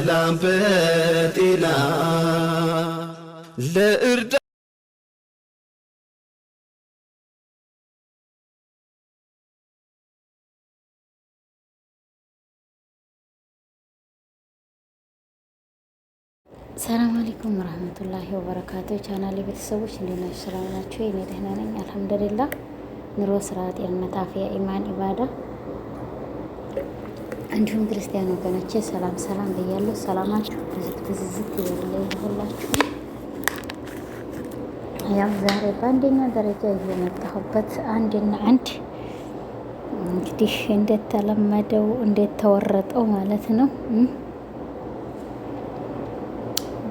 በሰላም በጤና ለእርዳ ሰላም አለይኩም ረህመቱላሂ ወበረካቱ። ቻናሌ ቤተሰቦች እንዴት ናችሁ? ሰላም ናችሁ? እኔ ደህና ነኝ አልሐምዱሊላህ። ኑሮ፣ ስራ፣ ጤንነት፣ አፍያ፣ ኢማን፣ ኢባዳ እንዲሁም ክርስቲያን ወገኖቼ ሰላም ሰላም ብያለሁ። ሰላማችሁ ብዝት ብዝዝት ይበልልኝ ይሁላችሁ። ያው ዛሬ በአንደኛ ደረጃ እየመጣሁበት አንድና አንድ እንግዲህ እንደተለመደው እንደተወረጠው ማለት ነው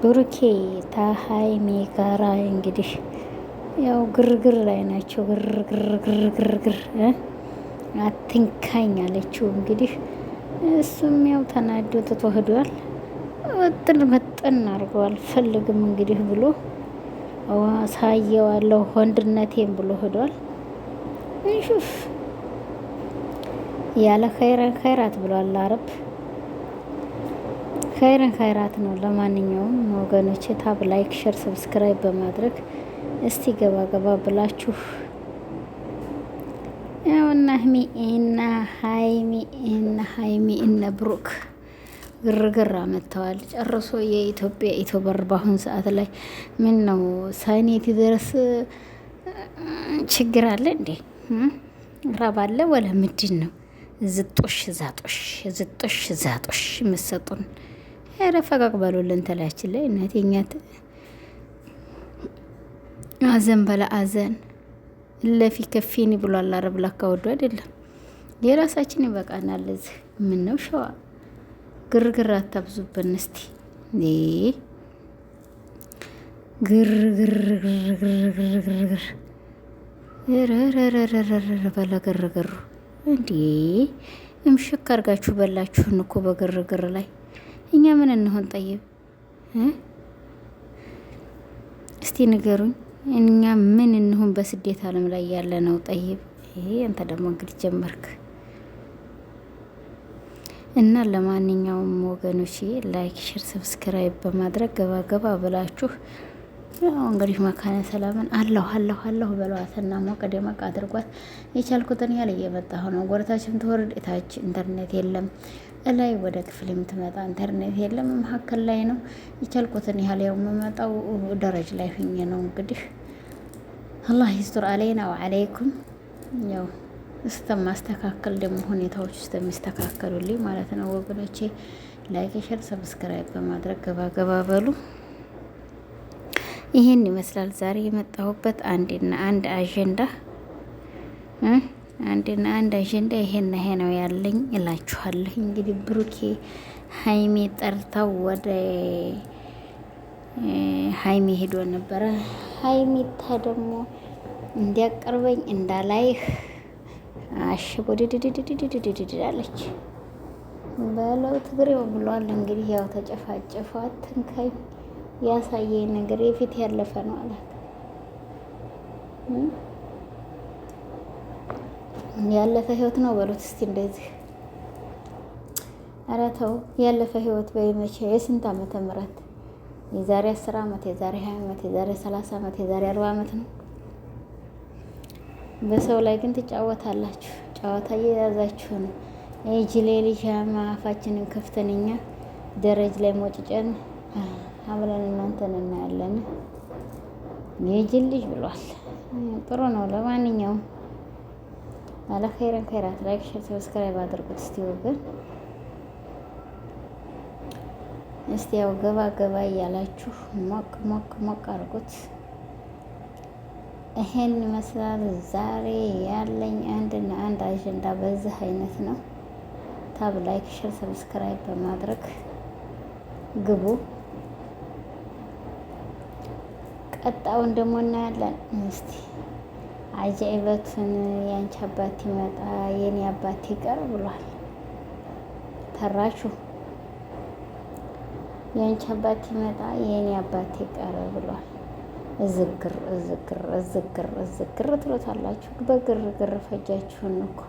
ብሩኬ ታሀይሜ ጋራ እንግዲህ ያው ግርግር ላይ ናቸው። ግርግርግርግርግር አትንካኝ አለችው እንግዲህ እሱም ያው ተናዶ ተተዋህዷል። ወጥን መጠን አድርገዋል። ፈልግም እንግዲህ ብሎ ሳየዋለሁ ወንድነቴም ብሎ ሄዷል። እንሹፍ ያለ ኸይረን ኸይራት ብሏል አረብ ኸይረን ኸይራት ነው። ለማንኛውም ወገኖች ታብ ላይክ፣ ሸር፣ ሰብስክራይብ በማድረግ እስቲ ገባ ገባ ብላችሁ ያውና ህሚ እና ሀይሚ እና ሀይሚ ብሩክ ግርግር አመጥተዋል። ጨርሶ የኢትዮጵያ ኢትዮበር በአሁኑ ሰዓት ላይ ምን ነው ድረስ ችግር አለ እንዴ? ወለ ምንድን ነው? ዝጦሽ ዛጦሽ ዝጦሽ ዛጦሽ የምትሰጡን ኧረ ፈቀቅ በሉልን። ላይ አዘን አዘን ለፊ ከፊኒ ብሏል። አረብ ላካ ወዱ አይደለም የራሳችን ይበቃናል። እዚህ ምነው ሸዋ ግርግር አታብዙብን እስቲ። ግርግርግርግርግርግር በለ ግርግሩ እንዴ እምሽክ አርጋችሁ በላችሁን እኮ በግርግር ላይ እኛ ምን እንሆን? ጠይብ እስቲ ንገሩኝ። እኛ ምን እንሁን በስደት ዓለም ላይ ያለ ነው። ጠይብ ይሄ አንተ ደግሞ እንግዲህ ጀመርክ እና ለማንኛውም ወገኖች ላይክ፣ ሼር፣ ሰብስክራይብ በማድረግ ገባ ገባ ብላችሁ ያው እንግዲህ መካነ ሰላምን አለሁ አለሁ አለሁ እና ሞቅ ደመቅ አድርጓት። የቻልኩትን ያህል እየመጣሁ ነው። ጎረታችን ትወርድ፣ እታች ኢንተርኔት የለም እላይ ወደ ክፍል የምትመጣ ኢንተርኔት የለም፣ መካከል ላይ ነው። የቻልኩትን ያህል ያው የምመጣው ደረጅ ላይ ሁኜ ነው። እንግዲህ አላህ ይስጥር አለይና ወአለይኩም። ያው እስተማስተካከል ደግሞ ሁኔታዎች እስተሚስተካከሉልኝ ማለት ነው ወገኖቼ፣ ላይክ፣ ሸር፣ ሰብስክራይብ በማድረግ ገባ ገባ በሉ። ይህን ይመስላል ዛሬ የመጣሁበት አንድና አንድ አጀንዳ አንድና አንድ አጀንዳ ይሄን ይሄ ነው ያለኝ እላችኋለሁ። እንግዲህ ብሩኬ ሀይሜ ጠርተው ወደ ሀይሜ ሄዶ ነበረ። ሀይሜታ ደግሞ እንዲያቀርበኝ እንዳላይህ አሽቦ ድድድድድድድድድ አለች። በለው ትግሬው ብሏል። እንግዲህ ያው ተጨፋጨፋ። አትንካኝ፣ ያሳየኝ ነገር የፊት ያለፈ ነው አላት። ያለፈ ህይወት ነው በሉት እስቲ እንደዚህ። ኧረ ተው ያለፈ ህይወት በይ መቼ የስንት ዓመተ ምህረት የዛሬ አስር ዓመት የዛሬ ሀያ ዓመት የዛሬ ሰላሳ ዓመት የዛሬ አርባ ዓመት ነው። በሰው ላይ ግን ትጫወታላችሁ። ጨዋታ እየያዛችሁን ጅሌ ልጅ አፋችንን ከፍተን እኛ ደረጅ ላይ ሞጭጨን አብለን እናንተን እናያለን። የጅል ልጅ ብሏል። ጥሩ ነው ለማንኛውም አለኸይረን ከይራት ላይክ ሼር ሰብስክራይብ አድርጉት። እስቲ ወገን እስቲ ያው ገባ ገባ እያላችሁ ሞቅ ሞቅ ሞቅ አድርጉት። ይሄን ይመስላል ዛሬ ያለኝ አንድና አንድ አጀንዳ በዚህ አይነት ነው። ታብ ላይክ ሼር ሰብስክራይብ በማድረግ ግቡ። ቀጣውን ደግሞ እናያለን እስቲ አጃይበቱን የአንቺ አባት ይመጣ የኔ አባት ይቀር ብሏል። ተራችሁ የአንቺ አባት ይመጣ የኔ አባት ይቀር ብሏል። እዝግር እዝግር እዝግር እዝግር ትሎታላችሁ። በግርግር ፈጃችሁን እኮ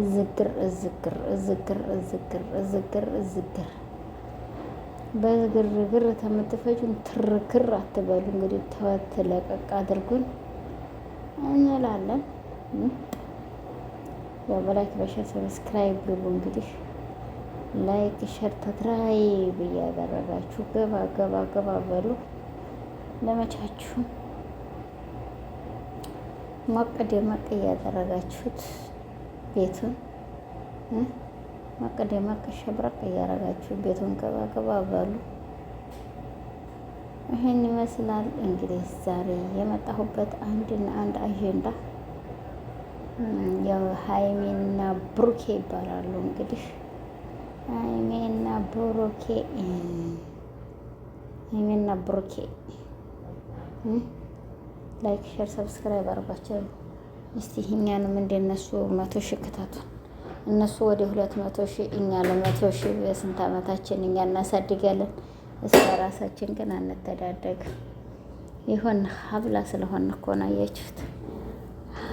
እዝግር እዝግር እዝግር እዝግር እዝግር እዝግር በግርግር ተመትፈጁን ትርክር አትበሉ። እንግዲህ ተወት ለቀቅ አድርጉን። እንላለን። ያው በላይክ በሸር ሰብስክራይብ ግቡ። እንግዲህ ላይክ ሸር ተትራይብ እያደረጋችሁ ገባ ገባ ገባ በሉ። ለመቻችሁ ሞቅ ደመቅ እያደረጋችሁት ቤቱን ሞቅ ደመቅ ሸብረቅ እያደረጋችሁ ቤቱን ገባ ገባ በሉ። ይህን ይመስላል እንግዲህ ዛሬ የመጣሁበት አንድና አንድ አጀንዳ ያው ሀይሜና ብሩኬ ይባላሉ። እንግዲህ ሀይሜና ብሩኬ ሀይሜና ብሩኬ ላይክ፣ ሼር፣ ሰብስክራይብ አድርጓቸው እስቲ እኛንም እንደነሱ መቶ ሺህ ክተቱን። እነሱ ወደ ሁለት መቶ ሺህ እኛ ለመቶ ሺህ በስንት አመታችን እኛ እናሳድጋለን። እስከ ራሳችን ግን አንተዳደግ ይሁን። ሀብላ ስለሆን እኮ ነው አያችሁት።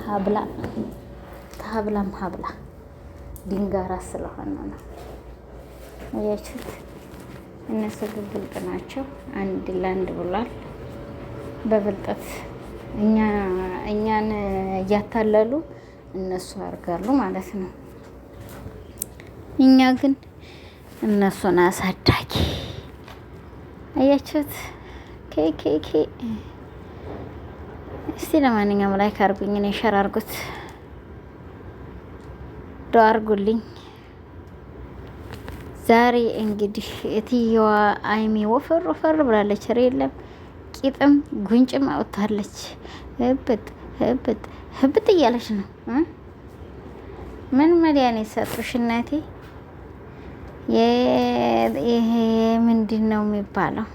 ሀብላ ከሀብላም ሀብላ ድንጋራ ስለሆነ ነው አያችሁት። እነሱ ግን ብልጥ ናቸው። አንድ ለአንድ ብሏል በብልጠት እኛን እያታለሉ እነሱ አድርጋሉ ማለት ነው። እኛ ግን እነሱን አሳዳጊ አያችሁት? ኬኬኬ እስቲ ለማንኛውም ላይክ አርጉኝ፣ እኔ ሸር አርጉት፣ ዶ አርጉልኝ። ዛሬ እንግዲህ እትየዋ አይሚ ወፈር ወፈር ብላለች። ኧረ የለም ቂጥም ጉንጭም አውጥታለች። ህብጥ ህብጥ ህብጥ እያለች ነው። ምን መድኃኒት ሰጡሽ እናቴ? ይሄ ምንድን ነው የሚባለው?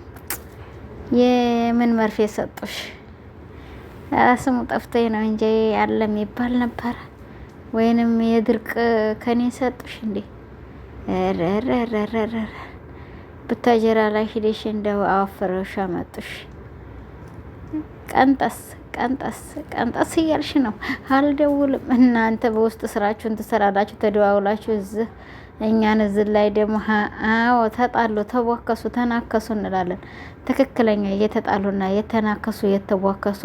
የምን መርፌ ሰጡሽ? ስሙ ጠፍቶኝ ነው እንጂ ያለ የሚባል ነበረ። ወይንም የድርቅ ከኔ ሰጡሽ እንዴ? ረረረረረ ብታጀራ ላይ ሂደሽ እንደው አዋፍረሽ አመጡሽ። ቀንጠስ ቀንጠስ ቀንጠስ እያልሽ ነው። አልደውልም። እናንተ በውስጥ ስራችሁን ትሰራላችሁ፣ ተደዋውላችሁ እዚህ እኛን እዚህ ላይ ደግሞ አዎ ተጣሉ፣ ተቧከሱ፣ ተናከሱ እንላለን። ትክክለኛ እየተጣሉና የተናከሱ የተቧከሱ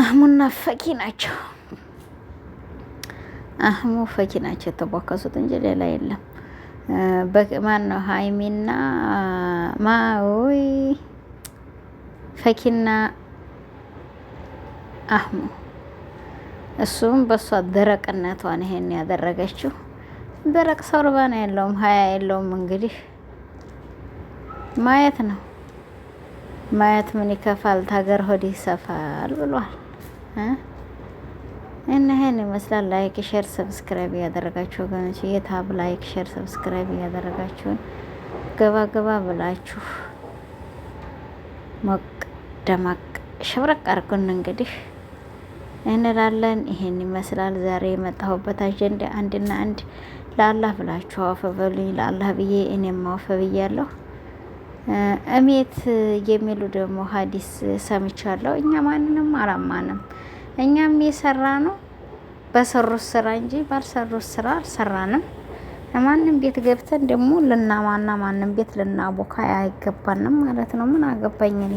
አህሙና ፈኪ ናቸው። አህሙ ፈኪ ናቸው የተቧከሱት እንጂ ሌላ የለም። በማን ነው? ሀይሚና ማዊ ፈኪና አህሙ። እሱም በእሷ ደረቅነቷን ይሄን ያደረገችው ደረቅ ሰው ርባን የለውም ሀያ የለውም። እንግዲህ ማየት ነው ማየት ምን ይከፋል? ታገር ሆድ ይሰፋል ብሏል። እና ይሄን ይመስላል። ላይክ ሼር ሰብስክራይብ እያደረጋችሁ ወገኖች የታብ ላይክ ሼር ሰብስክራይብ እያደረጋችሁን ገባ ገባ ብላችሁ ሞቅ ደማቅ ሸብረቅ አርጉን እንግዲህ እንላለን። ይሄን ይመስላል ዛሬ የመጣሁበት አጀንዳ አንድና አንድ ለአላህ ብላችሁ አወፈ በሉኝ። ለአላህ ብዬ እኔም አወፈ ብያለሁ። እሜት የሚሉ ደግሞ ሀዲስ ሰምቻለሁ። እኛ ማንንም አላማንም። እኛም የሰራ ነው በሰሩት ስራ እንጂ ባልሰሩት ስራ አልሰራንም። ማንም ቤት ገብተን ደግሞ ልናማና ማንም ቤት ልናቦካ አይገባንም ማለት ነው። ምን አገባኝ እኔ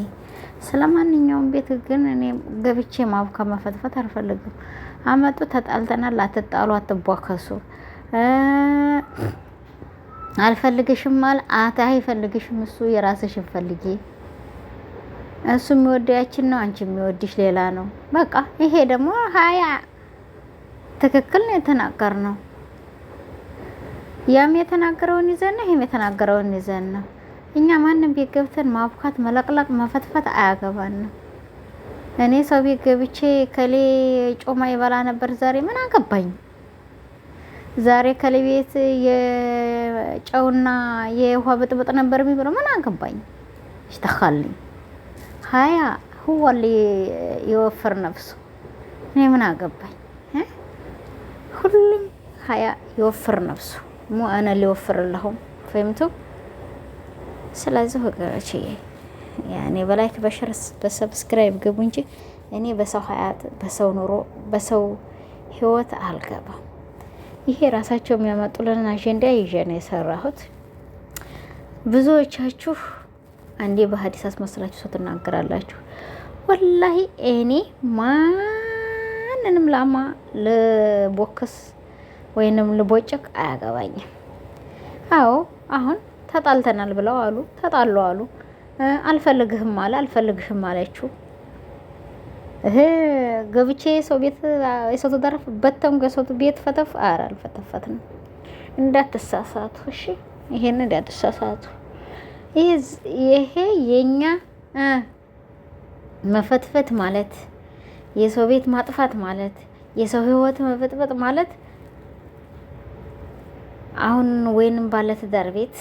ስለ ማንኛውም ቤት ግን እኔ ገብቼ ማቡካ መፈትፈት አልፈልግም። አመጡ ተጣልተናል፣ አትጣሉ፣ አትቧከሱ አልፈልግሽም አለ አታ አይፈልግሽም። እሱ የራስሽን ፈልጊ። እሱ የሚወደያችን ነው፣ አንቺ የሚወድሽ ሌላ ነው። በቃ ይሄ ደግሞ ሀያ ትክክል ነው የተናገር ነው። ያም የተናገረውን ይዘን ነው፣ ይህም የተናገረውን ይዘን ነው። እኛ ማንም ቤት ገብተን ማብካት፣ መለቅለቅ፣ መፈትፈት አያገባን እኔ ሰው ቤት ገብቼ ከሌ ጮማ ይበላ ነበር ዛሬ ምን አገባኝ? ዛሬ ከለቤት የጨውና የውሃ ብጥብጥ ነበር የሚብለው ምን አገባኝ ይሽተካልኝ ሀያ ሁዋል የወፍር ነፍሱ እኔ ምን አገባኝ ሁሉም ሀያ የወፍር ነፍሱ ሞ አነ ሊወፍርለሁም ፈምቱ ስለዚህ ወገኖች ያኔ በላይክ በሸር በሰብስክራይብ ግቡ እንጂ እኔ በሰው ሀያት በሰው ኑሮ በሰው ህይወት አልገባም ይሄ ራሳቸው የሚያመጡልን አጀንዳ ይዤ ነው የሰራሁት። ብዙዎቻችሁ አንዴ በሀዲስ አስመስላችሁ ሰው ትናገራላችሁ። ወላሂ እኔ ማንንም ላማ ልቦክስ ወይንም ልቦጭቅ አያገባኝም። አዎ አሁን ተጣልተናል ብለው አሉ፣ ተጣሉ አሉ፣ አልፈልግህም አለ፣ አልፈልግህም አለችው እህ ገብቼ ሰው ቤት የሰው ትዳር በተም የሰው ቤት ፈተፍ አረ አልፈተፈትንም። እንዳትሳሳቱ እሺ፣ ይሄን እንዳትሳሳቱ። ይሄ የኛ መፈትፈት ማለት የሰው ቤት ማጥፋት ማለት የሰው ህይወት መበጥበጥ ማለት አሁን ወይንም ባለ ትዳር ቤት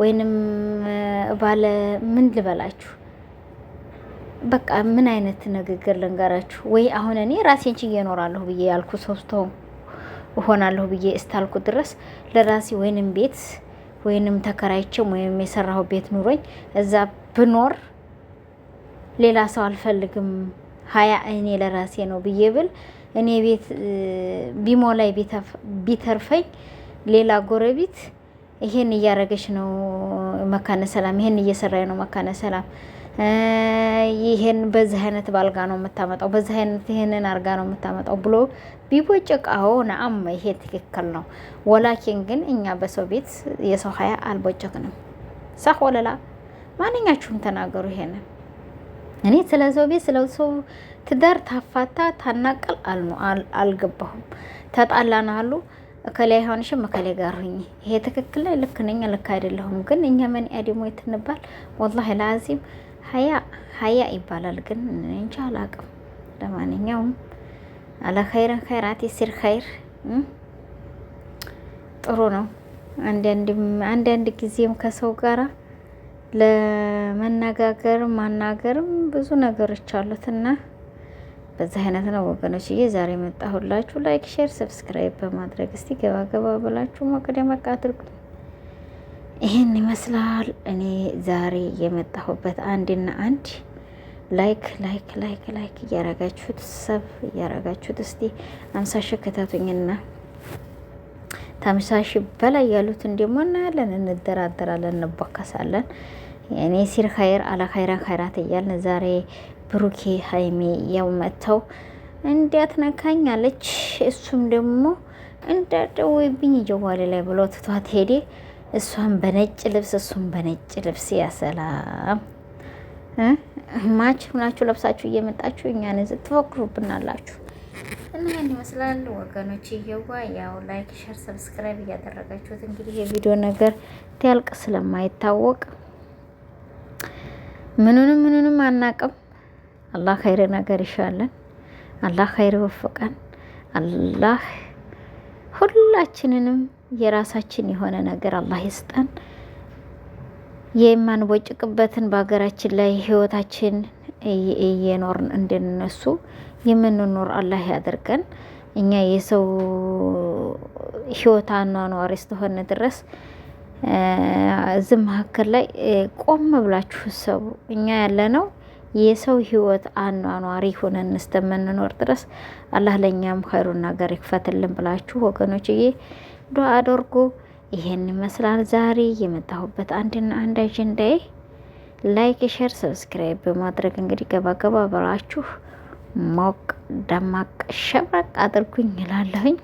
ወይንም ባለ ምን ልበላችሁ በቃ ምን አይነት ንግግር ልንገራችሁ? ወይ አሁን እኔ ራሴን ችዬ እኖራለሁ ብዬ ያልኩ ሰው እሆናለሁ ብዬ እስታልኩ ድረስ ለራሴ ወይንም ቤት ወይንም ተከራይቼም ወይም የሰራሁ ቤት ኑሮኝ እዛ ብኖር ሌላ ሰው አልፈልግም ሀያ እኔ ለራሴ ነው ብዬ ብል እኔ ቤት ቢሞላይ ቢተርፈኝ ሌላ ጎረቤት ይሄን እያረገች ነው መካነ ሰላም፣ ይሄን እየሰራኝ ነው መካነ ሰላም ይሄን በዚህ አይነት ባልጋ ነው የምታመጣው፣ በዚህ አይነት ይሄንን አርጋ ነው የምታመጣው ብሎ ቢቦጭቃው ነአም ይሄ ትክክል ነው። ወላኪን ግን እኛ በሰው ቤት የሰው ሀያ አልቦጨቅንም። ሳህ ወለላ ማንኛችሁም ተናገሩ ይሄንን እኔ ስለ ሰው ቤት ስለ ሰው ትዳር ታፋታ ታናቀል አልገባሁም። ተጣላን አሉ እከሌ አይሆንሽም እከሌ ጋር ሁኝ። ይሄ ትክክል ላይ ልክ ነኝ ልክ አይደለሁም። ግን እኛ ምን አዲሞ የትንባል ወላሂ ለአዚም ሀያ ሀያ ይባላል፣ ግን እንቻ አላቅም። ለማንኛውም አለ ኸይረ ኸይራት የሲር ኸይር ጥሩ ነው። አንዳንድ ጊዜም ከሰው ጋራ ለመነጋገር ማናገርም ብዙ ነገሮች አሉትና በዚህ አይነት ነው ወገኖች። ዛሬ መጣሁላችሁ። ላይክ፣ ሼር፣ ሰብስክራይብ በማድረግ እስቲ ገባ ገባ ብላችሁ ሞቅ ይህን ይመስላል። እኔ ዛሬ የመጣሁበት አንድና አንድ ላይክ ላይክ ላይክ ላይክ እያረጋችሁት ሰብ እያረጋችሁት እስቲ አምሳ ሺ ከታቱኝና ታምሳ በላይ ያሉትን ደግሞ እናያለን፣ እንደራደራለን፣ እንቧከሳለን። እኔ ሲር ኸይር አላ ኸይራ ኸይራት እያልን ዛሬ ብሩኬ ሀይሜ ያው መጥተው እንዲያት ነካኝ አለች። እሱም ደግሞ እንዳደወይብኝ ጀዋሌ ላይ ብሎ ትቷት ሄዴ እሷን በነጭ ልብስ እሱን በነጭ ልብስ ያሰላም ማች ሁናችሁ ለብሳችሁ እየመጣችሁ እኛን ትፎክሩብናላችሁ። እና ምን ይመስላል ወገኖች፣ ይሄዋ ያው ላይክ፣ ሸር፣ ሰብስክራይብ እያደረጋችሁት እንግዲህ የቪዲዮ ነገር ቲያልቅ ስለማይታወቅ ምኑንም ምኑንም አናቅም። አላህ ኸይር ነገር ይሻለን። አላህ ኸይር ይወፍቀን። አላህ ሁላችንንም የራሳችን የሆነ ነገር አላህ ይስጠን። የማንቦጭቅበትን በሀገራችን ላይ ህይወታችን እየኖርን እንደነሱ የምንኖር አላህ ያደርገን። እኛ የሰው ህይወት አኗኗሪ እስከሆነ ድረስ እዚህ መካከል ላይ ቆም ብላችሁ ሰው እኛ ያለነው የሰው ህይወት አኗኗሪ ሆነን እስከምንኖር ድረስ አላህ ለእኛም ኸይሩን ነገር ይክፈትልን ብላችሁ ወገኖችዬ ዱአ አድርጉ። ይሄን ይመስላል ዛሬ የመጣሁበት አንድና አንድ አጀንዳዬ። ላይክ፣ ሼር፣ ሰብስክራይብ በማድረግ እንግዲህ ገባገባ ብላችሁ ሞቅ ደማቅ ሸብረቅ አድርጉኝ እላለሁኝ።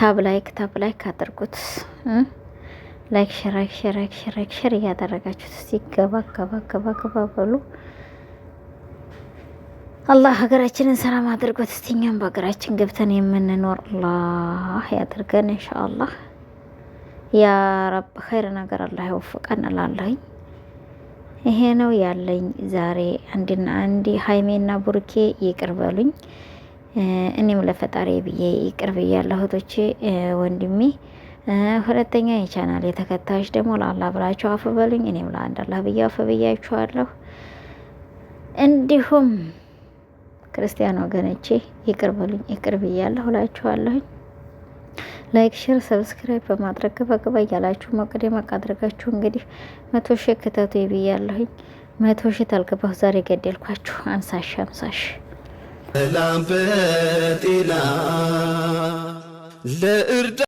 ታብ ላይክ ታብ ላይክ አድርጉት። ላይክ ሸር ሸር ሸር ሸር እያደረጋችሁት ሲገባ ገባ ገባ ገባ በሉ። አላህ ሀገራችንን ሰላም አድርጎት እስቲ እኛም በሀገራችን ገብተን የምንኖር አላህ ያድርገን። እንሻአላህ ያ ረብ ኸይር ነገር አላህ ይወፍቀን እላለሁኝ። ይሄ ነው ያለኝ ዛሬ። አንድና አንድ ሀይሜና ቡርኬ ይቅር በሉኝ። እኔም ለፈጣሪ ብዬ ይቅር ብያለሁ እህቶቼ፣ ወንድሜ ሁለተኛ የቻናል የተከታዮች ደግሞ ለአላህ ብላችሁ አፍ በሉኝ። እኔም ለአንድ አላህ ብዬ አፍ ብያችኋለሁ። እንዲሁም ክርስቲያን ወገኖቼ ይቅር በሉኝ፣ ይቅር ብያለሁ እላችኋለሁኝ። ላይክ ሼር ሰብስክራይብ በማድረግ ገባገባ እያላችሁ ሞቅ ደመቅ አድርጋችሁ እንግዲህ መቶ ሺህ ክተቱ ብያለሁኝ። መቶ ሺህ ታልገባሁ ዛሬ ገደልኳችሁ። አንሳሽ አንሳሽ ሰላም በጤና ለእርዳ